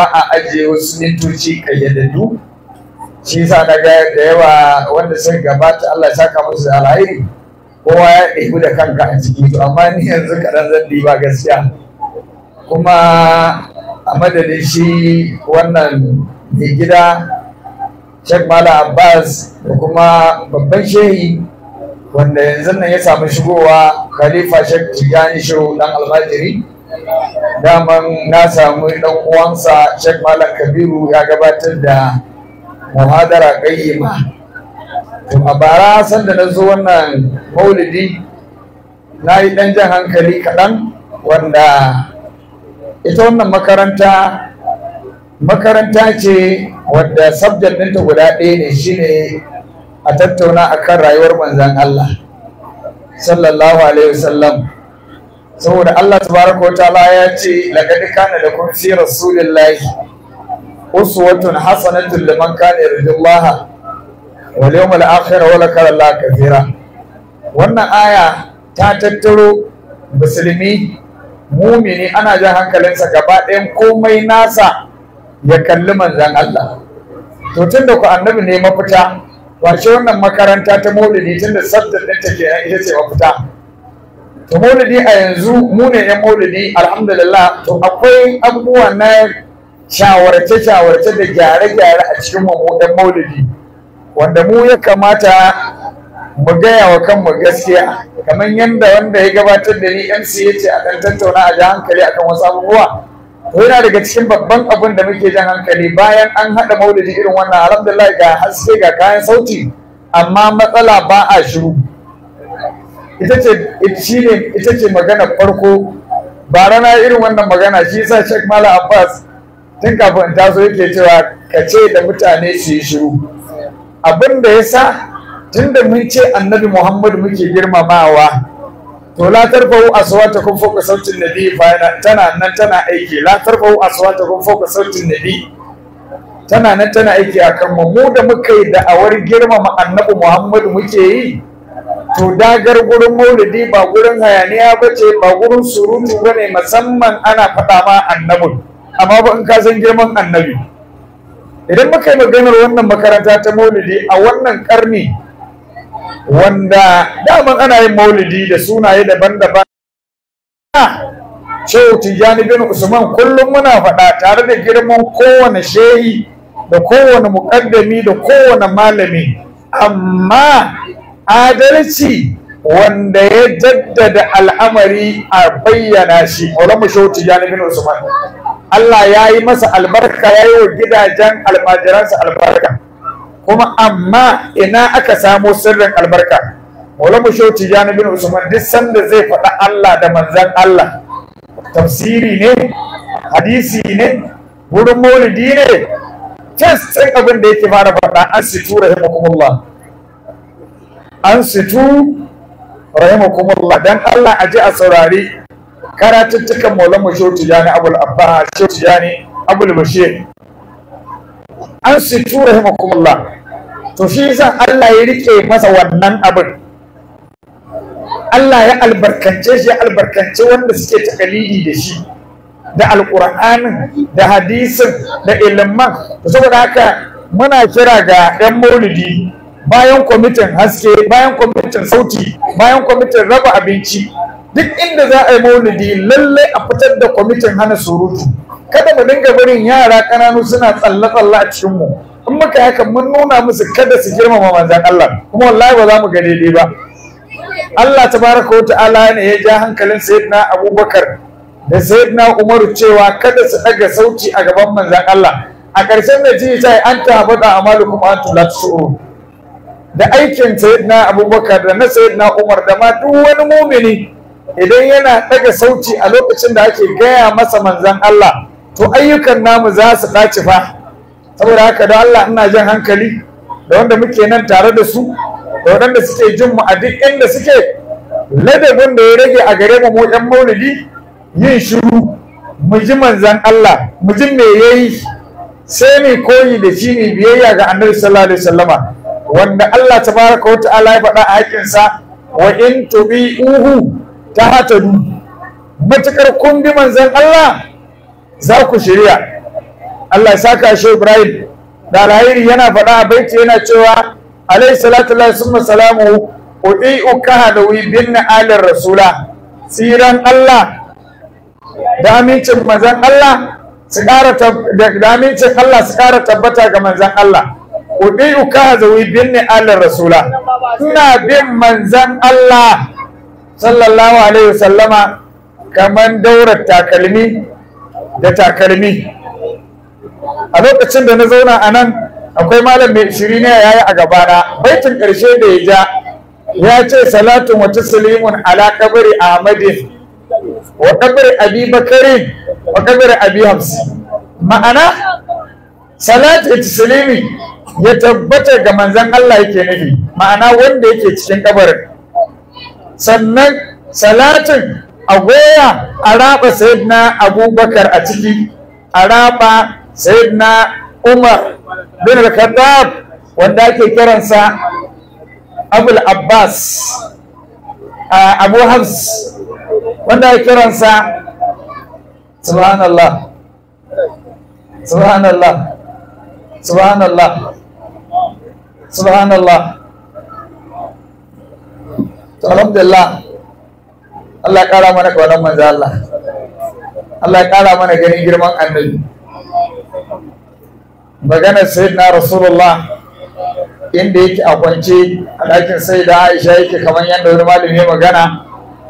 ba a ajiye wasu mintoci kayyadaddu shi sa na ga da yawa wanda suka gabata Allah ya saka musu alhairi kowa ya ɗebi da kanka a ciki to amma ni yanzu kaɗan zan ba gaskiya kuma a madadin shi wannan mai gida Sheikh Mala Abbas da kuma babban shehi wanda yanzu nan ya samu shigowa Khalifa Sheikh Tijani Shehu dan Almajiri daman na samu dan uwansa Sheikh Malam Kabiru ya gabatar da muhadara qayyima to a bara sanda na zo wannan maulidi na yi dan jan hankali kaɗan wanda ita wannan makaranta makaranta ce wadda subject ɗinta guda ɗaya ne shine a tattauna akan rayuwar manzon Allah sallallahu alaihi wasallam saboda Allah tabaraka Taala ya ce laqad kana kun fi rasulillahi uswatun hasanatun liman kana yarjullaha wal yawmal akhir wa lakara Allah kathira wannan aya ta tattaro musulmi mumini ana jan hankalinsa gaba ɗayan komai nasa ya kalli manzan Allah to tunda ku annabi ne mafita wace wannan makaranta ta maulidi tunda sabda ɗin take ita ce mafita to maulidi a yanzu mu ne yan maulidi alhamdulillah to akwai abubuwa na shawarce shawarce da gyare gyare a cikin mu yan maulidi wanda mu ya kamata mu gaya wa kanmu gaskiya kamar yanda wanda ya gabatar da ni MC ya ce a ɗan tattauna a ji hankali kan wasu abubuwa to yana daga cikin babban abin da muke jan hankali bayan an haɗa maulidi irin wannan alhamdulillah ga haske ga kayan sauti amma matsala ba a shiru ita ce ita ce magana farko ba rana irin wannan magana shi yasa Sheikh Mala Abbas tun kafin taso yake cewa ka ce da mutane su yi shiru abin da yasa tun da mun ce Annabi Muhammad muke girmamawa to la tarfa'u aswatakum kun sawti sautin nabi fa tana nan tana aiki la tarfa'u aswatakum kun sawti sautin nabi tana nan tana aiki akan mu mu da muka yi da'awar girmama Annabi Muhammad muke yi to dagar gurin maulidi ba gurin hayaniya ba ce ba gurin surutu ba ne musamman ana faɗa ma annabin amma ba in ka san girman annabi idan muka yi maganar wannan makaranta ta maulidi a wannan karni wanda daman ana yin maulidi da sunaye daban-daban ce ah, tijjani bin usman kullum muna faɗa tare da girman kowane shehi da kowane mukaddami da kowane malami amma adalci wanda ya jaddada al'amari a bayyana shi wala mu shoti ya usman Allah ya yi masa albarka ya yi wa gidajen almajiransa albarka kuma amma ina aka samo sirrin albarka wala mu shoti ya usman duk sanda zai faɗa Allah da manzan Allah tafsiri ne hadisi ne wurin maulidi ne test abin da yake fara faɗa an situra himakumullah an situ rahimakumullah dan Allah aje a saurari karatuttukan Maulana shehu tijani abul abba shehu tijani abul bashir an situ to shi yasa Allah ya rike masa wannan abin Allah ya albarkance shi ya albarkance wanda suke takalidi da shi da alƙur'anin da hadisin da ilimin saboda haka muna kira ga 'yan maulidi bayan kwamitin haske bayan kwamitin sauti bayan kwamitin raba abinci duk inda za a yi maulidi lallai a fitar da kwamitin hana surutu kada mu dinga barin yara kananu suna tsalle tsalle a cikin mu in muka haka mun nuna musu kada su girmama manzan Allah kuma wallahi ba za mu ga daidai ba Allah tabaraka wataala ne ya ja hankalin sayyidina Abubakar da sayyidina Umar cewa kada su daga sauti a gaban manzan Allah a ƙarshen da ji sai an ta amalukum antum la tusurun da aikin sayyidina abubakar da na sayyidina umar da ma duk wani mumini idan yana daga sauci a lokacin da ake gaya masa manzan Allah to ayyukan namu za su ɗaci fa saboda haka da Allah ina jan hankali da wanda muke nan tare da su da waɗanda suke jin mu a duk inda suke ladabin da ya rage a gare mu mu ƴan maulidi yin shiru mu ji manzan Allah mu ji me yayi sai ne koyi da shi ne biyayya ga annabi sallallahu alaihi wasallama wanda Allah ta wa ta'ala ya faɗa a haƙinsa wa in ta tahtadu matuƙar kun bi manzon Allah za ku shirya Allah ya saka shi Ibrahim da alhairi yana faɗa a baiti yana cewa alayhi salatu lillahi summa salamu udi'u kahadawi bin alir rasula siran Allah da amincin manzon Allah su ƙara da amincin Allah su ƙara tabbata ga manzon Allah ubi uka zawi binne Allah rasula ina bin manzan Allah sallallahu alaihi wasallama kamar daurar takalmi da takalmi a lokacin da na zauna a nan akwai malam mai shirina ya yi a gabana baitin ƙarshe da ya ja ya ce salatun wa taslimun ala kabari ahmadin wa kabari abi bakari wa kabari abi Hamsi. ma'ana salatu taslimin ya tabbata ga manzan Allah yake nufi ma'ana wanda yake cikin kabarin sannan salatin a goya a raba sayyidina abubakar a ciki a raba sayyidina umar bin al-khattab wanda ake kiransa abul abbas abu hafs wanda ake kiransa subhanallah subhanallah subhanallah subhanallah to alhamdulillah Allah ya kara mana kaunar manzo Allah Allah ya kara mana ganin girman annabi maganar sayyidina rasulullah inda yake a kwance a ɗakin sai aisha yake kamar yadda wani malami ya magana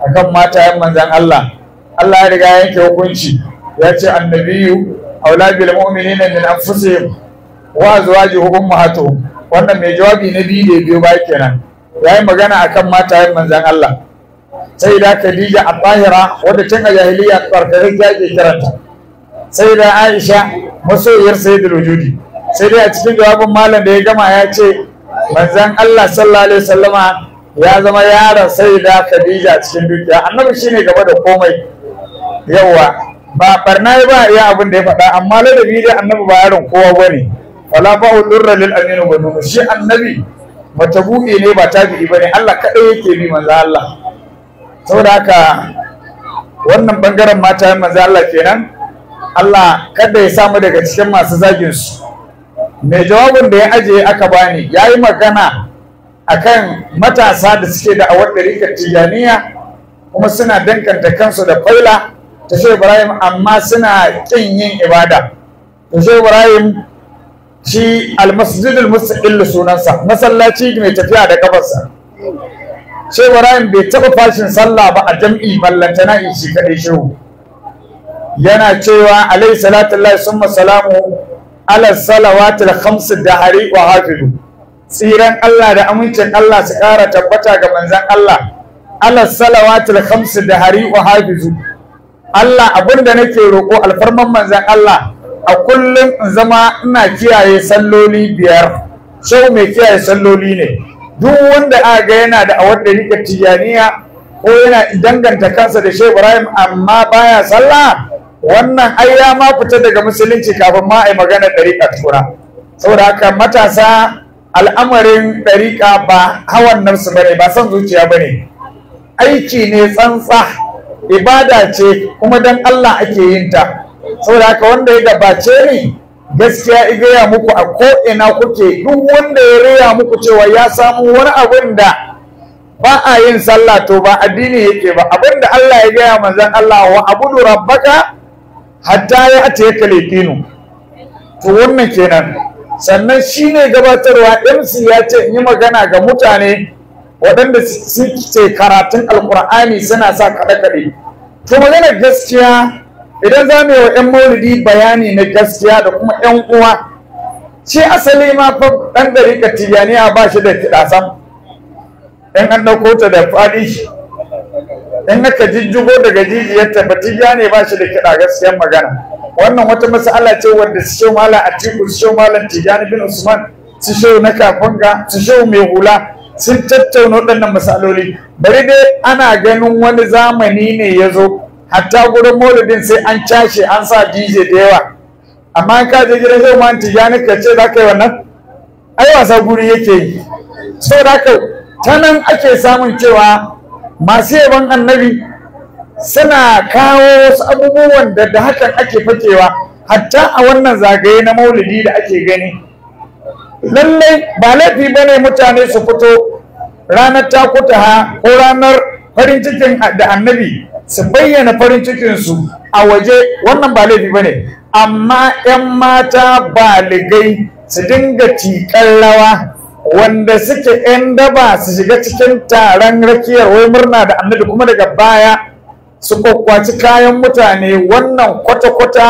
a kan matayen manzan Allah Allah ya riga yanke hukunci ya ce annabiyu aula bil mu'minina min anfusihim wa azwajuhum ummahatuhum wannan mai jawabi na biyu da biyo bai kenan yayi magana akan matayen manzon Allah sai da Khadija Abahira wanda wadda tun a jahiliya tsarkakakkiya ke kiranta sai da Aisha masoyiyar sayyidul wujudi sai dai a cikin jawabin malam da ya gama ya ce manzon Allah sallallahu alaihi wasallama ya zama yaron sai da Khadija cikin dukiya annabi shine gaba da komai yawa ba barna ba ya abin da ya faɗa amma ladabi dai annabi ba yaron kowa bane wala ba'u nurra lil aminu wa shi annabi buɗe ne ba ba ne. Allah kaɗai yake bi manzo Allah saboda haka wannan bangaren mata manzo Allah kenan Allah kada ya samu daga cikin masu zagin su mai jawabin da ya aje aka bani yayi magana akan matasa da suke da awar ɗarikar tijaniya kuma suna danganta kansu da faila ta Ibrahim amma suna ƙin yin ibada ta Ibrahim shi almasjidul mustaqil sunansa masallaci mai tafiya da kafarsa shi Ibrahim bai taɓa fashin sallah ba a jam'i mallanta in shi kadai yana cewa alaihi salatu lillahi summa salamu ala salawatil khams hari wa hafidu tsiran Allah da amincin Allah su ƙara tabbata ga manzon Allah ala salawatil da hari wa hafidu Allah abinda nake roko alfarman manzon Allah a kullum in zama ina kiyaye salloli biyar shau mai kiyaye salloli ne duk wanda aka ga yana da awar da tijaniya ko yana danganta kansa da shehu ibrahim amma baya sallah wannan ai ya ma fita daga musulunci kafin ma ai magana ɗariƙa tura saboda haka matasa al'amarin ɗariƙa ba hawan nafsu ne, ba son zuciya ba ne. aiki ne tsantsa ibada ce kuma don Allah ake yin ta saboda haka wanda ya gabace ni gaskiya igaya muku a ko'ina kuke duk wanda ya raya muku cewa ya samu wani abin da ba a yin sallah to ba addini yake ba abin da Allah ya gaya manzon Allah wa abudu rabbaka hatta ya ta kalifinu to wannan kenan sannan shi ne gabatarwa MC ya ce in yi magana ga mutane waɗanda suke karatun alkur'ani suna sa kaɗe-kaɗe to magana gaskiya idan za mu yi wa 'yan maulidi bayani na gaskiya da kuma 'yan uwa shi asali ma fa ɗan ka tijaniya ba shi da kiɗa sam in an dauko ta da fadi, in aka jijjigo daga jijiyar ta ba tijani ba shi da kiɗa gaskiyar magana wannan wata mas'ala ce wanda su shehu mala atiku su shehu mala tijani bin usman su na kafanga su shehu mai hula sun tattauna waɗannan masaloli bari dai ana ganin wani zamani ne ya zo hatta gurin maulidin sai an cashe an sa dj da yawa amma an kaje gidan shehu man tijani ka ce za ka yi wannan ai wasa guri yake yi so da ka ta nan ake samun cewa masu yaban annabi suna kawo wasu abubuwan da da hakan ake fakewa hatta a wannan zagaye na maulidi da ake gani lallai ba laifi ba ne mutane su fito ranar takutaha ko ranar farin cikin da annabi su bayyana farin cikinsu a waje wannan ba laifi ba ne amma 'yan mata baligai su dinga cikin rawa wanda suke 'yan daba su shiga cikin taron rakiyar wai murna da annabi kuma daga baya su kwakwaci kayan mutane wannan kwata-kwata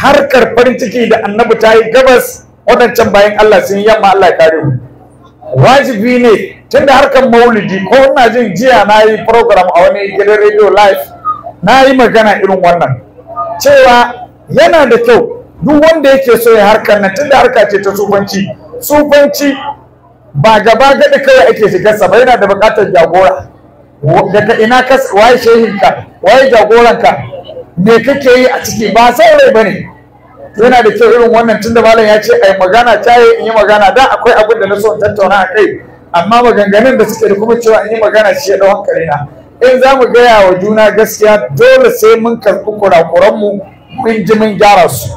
harkar farin ciki da annabi ta yi gabas waɗancan bayan Allah sun yamma Allah kare mu wajibi ne tun da harkar maulidi ko ina jin jiya na yi program a wani gidan radio live na yi magana irin wannan cewa yana da kyau duk wanda yake so ya harkar nan tun da harka ce ta sufanci sufanci ba gaba gaɗa kawai ake sa ba yana da buƙatar jagora daga ina ka waye shehinka waye jagoranka me kake yi a ciki ba saurayi ba ne yana da kyau irin wannan tunda malam ya ce ai magana ta yi in yi magana da akwai abin da na so tattauna a kai amma maganganun da suke da kuma cewa in yi magana shi ya ɗau hankali na in za mu gaya wa juna gaskiya dole sai mun karɓi kurakuranmu mun ji mun gyara su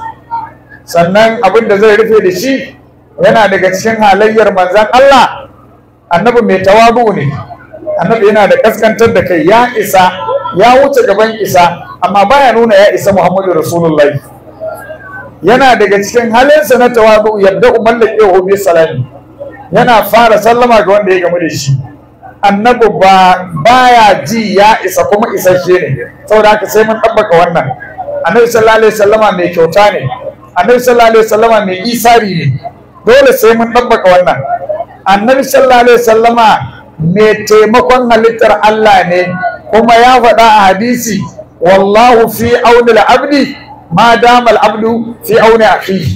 sannan abin da zai rufe da shi yana daga cikin halayyar manzan Allah annabi mai tawabu ne annabi yana da kaskantar da kai ya isa ya wuce gaban isa amma baya nuna ya isa Muhammadu Rasulullahi yana daga cikin halinsa na tawabu yadda umar da ke hobi salami yana fara sallama ga wanda ya gamu da shi annabi ba baya ji ya isa kuma isasshe ne saboda haka sai mun tabbaka wannan annabi sallallahu alaihi wasallama mai kyauta ne annabi sallallahu alaihi wasallama mai isari ne dole sai mun tabbaka wannan annabi sallallahu alaihi wasallama mai taimakon halittar Allah ne kuma ya faɗa a hadisi wallahu fi auni abdi ma dama abdu fi auni akhihi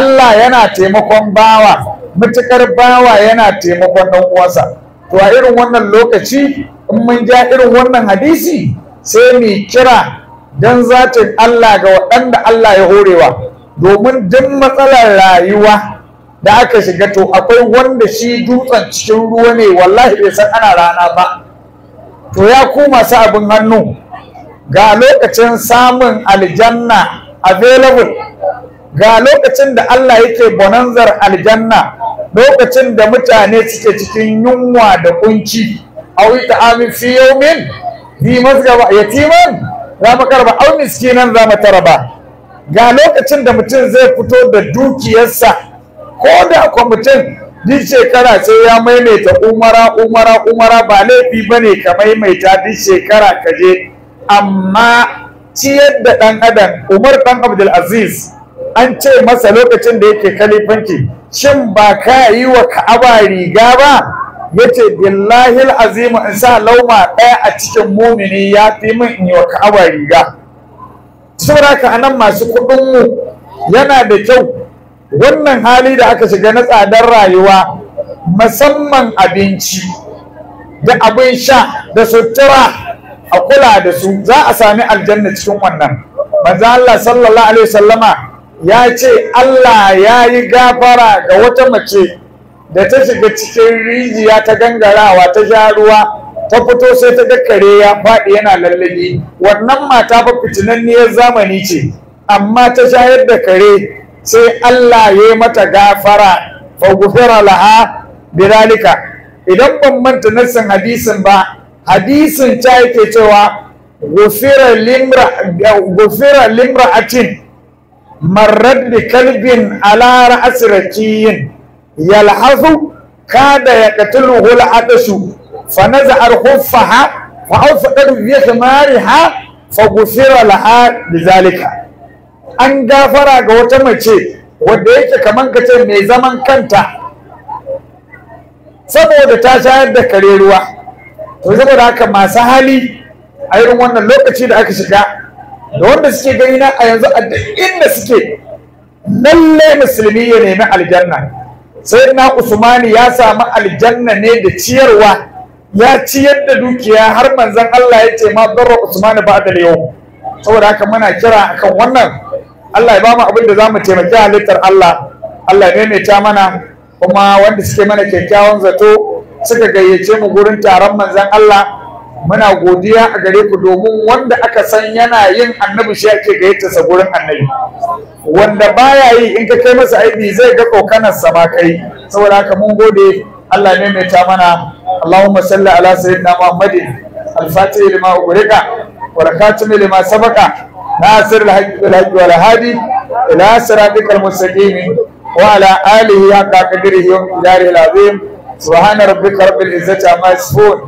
Allah yana taimakon bawa matukar bawa yana taimakon ɗan uwansa to a irin wannan lokaci in mun ja irin wannan hadisi sai mu kira dan zatin Allah ga waɗanda Allah ya horewa domin duk matsalar rayuwa da aka shiga to akwai wanda shi dutsen cikin ruwa ne wallahi bai san ana rana ba to ya kuma sa abin hannu ga lokacin samun aljanna available ga lokacin da Allah yake bonanzar aljanna lokacin da mutane suke cikin yunwa da kunci ta amin fi yawmin fi masgaba yatiman za mu karba aw miskinan za mu taraba ga lokacin da mutum zai fito da dukiyarsa ko da ko mutum duk shekara sai ya maimaita umara umara umara ba laifi ba ne ka maimaita duk shekara ka je amma ciyar da ɗan adam umar ɗan abdulaziz an ce masa lokacin da yake kalifanci shin ba ka yi wa ka'aba riga ba yace billahi alazim in sa lauma ɗaya a cikin mumini ya fi min in yi wa ka'aba riga saboda ka anan masu kuɗin mu yana da kyau wannan hali da aka shiga na tsadar rayuwa musamman abinci da abin sha da sutura a kula da su za a sami aljanna cikin wannan manzo Allah sallallahu alaihi wasallama ya ce Allah ya yi gafara ga wata mace da ta shiga cikin rijiya ta gangarawa ta sha ruwa ta fito sai ta ga ya faɗi yana lallabi wannan mata fa fitinanniyar zamani ce amma ta shayar da kare sai Allah ya yi mata gafara fa gufira laha biralika idan ban manta nassan hadisin ba hadisin ta yake cewa gufira atin marar da kalbin alara asiraciyin yalhazu kada ya katulu hula adashu fa nazar huffaha fa aufadar biya kamariha fa gusira laha zalika. an gafara ga wata mace wadda yake kaman kace mai zaman kanta saboda ta shayar da kare ruwa to saboda haka masu hali a irin wannan lokaci da aka shiga da wanda suke gani na a yanzu a duk inda suke lalle musulmi ya nemi aljanna sai na usmani ya samu aljanna ne da ciyarwa ya ciyar da dukiya har manzon Allah ya ce ma barra usmani ba da yau saboda haka muna kira akan wannan Allah ya ba mu abin da za mu taimaki halittar Allah Allah ya maimaita mana kuma wanda suke mana kyakkyawan zato suka gayyace mu gurin taron manzon Allah muna godiya a gare ku domin wanda aka san yana yin annabi shi ake sa gurin annabi wanda baya yi in ka kai masa aiki zai ga sa ma kai saboda haka mun gode Allah ne mai ta mana Allahumma salli ala sayyidina Muhammadin al-Fatih lima ugrika wa rakatim lima sabaka nasir al-haqq wal hadi ila siratikal mustaqim wa ala alihi haqqa qadrihi wa al-azim subhana rabbika rabbil izzati amma yasifun